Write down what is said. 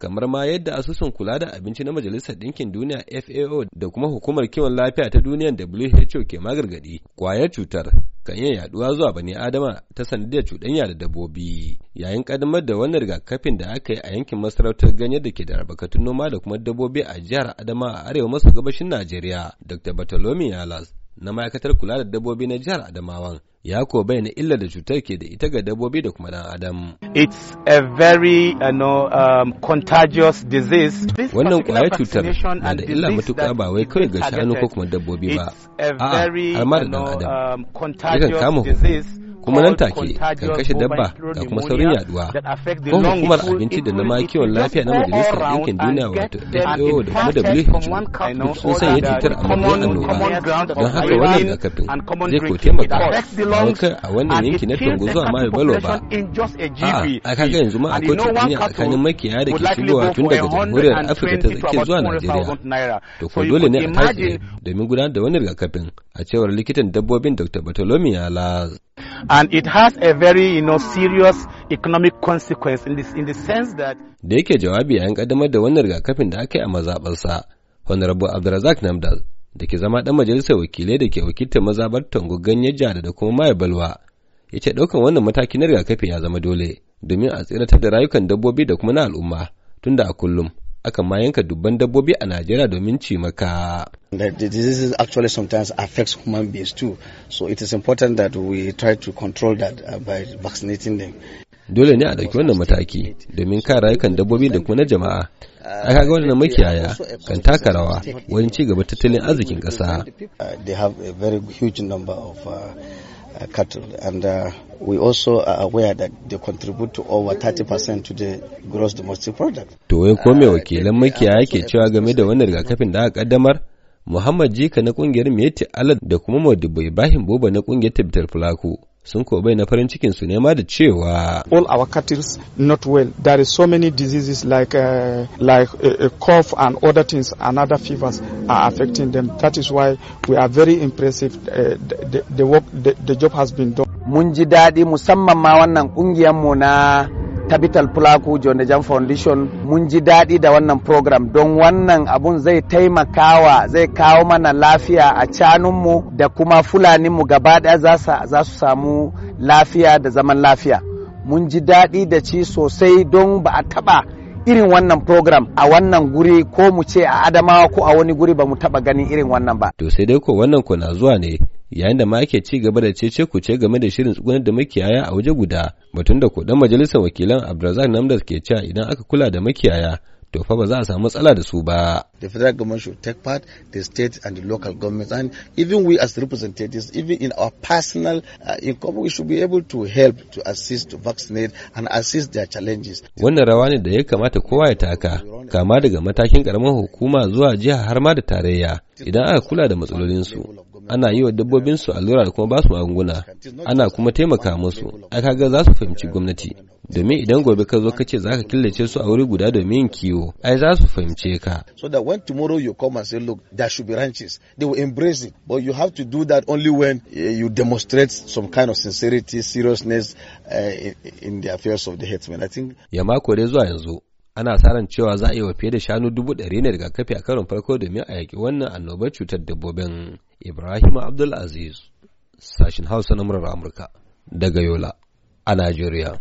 kamar ma yadda asusun kula da abinci na majalisar ɗinkin duniya fao da kuma hukumar kiwon lafiya ta duniya who ke magargadi kwayar cutar kan iya yaduwa zuwa bani adama ta sanadiyar cuɗanya da dabbobi yayin kadamar da wannan rigakafin da aka yi a yankin masarautar ganye da ke da albarkatun noma da kuma dabbobi a jihar adama a arewa maso gabashin najeriya dr bartolome alas na ma'aikatar kula da dabbobi na jihar Adamawan ya ko bayyana illar da cutar ke da ita ga dabbobi da kuma dan adam. It's a very you know, um, contagious disease. Wannan kwayar cutar na da illa matuƙa ba wai kawai ga shanu ko kuma dabbobi ba. A'a, har ma da dan adam. Um, Yakan kama huhu. kuma nan take kan kashe dabba da kuma saurin yaduwa ko hukumar abinci da na ma kiwon lafiya na majalisar ɗinkin duniya wato fao da kuma who duk sun sanya titar a matsayin annoba don haka wannan rigakafin zai ko taimaka don ka a wannan yanki na tongo zuwa ma balo ba a'a a ga yanzu ma a duniya a tsakanin makiyaya da ke shigowa tun daga jamhuriyar afirka ta tsakiya zuwa najeriya to ko dole ne a tashi domin gudanar da wani rigakafin a cewar likitan dabbobin dr bartolomea laz and it has a very you know, serious economic consequence in, this, in the sense that da yake jawabi yayin kaddamar da wannan rigakafin da aka yi a mazabarsa honorable abdulrazak namdal da ke zama dan majalisar wakilai da ke wakiltar mazabar tango ganye jada da kuma maye balwa ya ce wannan matakin na rigakafi ya zama dole domin a tsiratar da rayukan dabbobi da kuma na al'umma tunda a kullum aka ma yanka dubban dabbobi a Najeriya domin cimaka. The diseases actually sometimes affects human beings too, so it is important that we try to control that uh, by vaccinating them. Dole ne a ɗauki wannan mataki domin kare rayukan dabbobi da kuma na jama'a. a kaga wannan makiyaya kan taka rawa wajen ci gaba tattalin arzikin ƙasa uh, have a very uh, uh, cattle and uh, we also are aware that they contribute to over 30% to the gross domestic product. To wai ko me uh, wakilan makiyaya ke cewa game da wannan rigakafin da aka kaddamar? Muhammad Jika na kungiyar Meti Alad da kuma Modibo Ibrahim Boba na kungiyar Tabbatar Fulako sun ko na farin cikin su nema da cewa all our cattle not well there is so many diseases like uh, like uh, uh, cough and other things and other fevers are affecting them that is why we are very impressive uh, the, the, work the, the job has been done mun ji daɗi musamman ma wannan ƙungiyar mu na capital plaku jonde jam foundation mun ji daɗi da wannan program don wannan abun zai taimakawa zai kawo mana lafiya a canunmu da kuma fulaninmu gaba ɗaya za su samu lafiya da zaman lafiya mun ji daɗi da ci sosai don ba a taɓa irin wannan program a wannan guri ko mu ce a adamawa ko a wani guri ba mu taɓa ganin irin wannan ba to sai dai ko wannan ko na zuwa ne yayin da ma ake ci gaba da cece ku ce game da shirin tsugunar da makiyaya a waje guda batun da kudan majalisar wakilan abdulrazak namdas ke cewa idan aka kula da makiyaya to fa ba za a samu matsala da su ba. The federal government should take part, the state and the local governments, and even we as representatives, even in our personal uh, income, we should be able to help to assist to vaccinate and assist their challenges. Wannan rawa ne da ya kamata kowa ya taka, kama daga matakin karamar hukuma zuwa jiha har ma da tarayya, idan aka kula da matsalolinsu. ana yi wa dabbobinsu allura da kuma ba su magunguna ana kuma taimaka musu ai kaga za su fahimci gwamnati domin idan gobe ka zo ka ce za ka killace su a wuri guda domin yin kiwo ai za su fahimce ka so that when tomorrow you come and say look there should be ranches they will embrace it but you have to do that only when eh, you demonstrate some kind of sincerity seriousness uh, in, in the affairs of the herdsmen i think ya mako dai zuwa yanzu ana sa ran cewa za a yi wa fiye da shanu dubu ɗari ne rigakafi a karon farko domin a yaƙi wannan annobar cutar dabbobin Ibrahim Abdulaziz, sashin Hausa na murar Amurka, daga Yola, a Najeriya.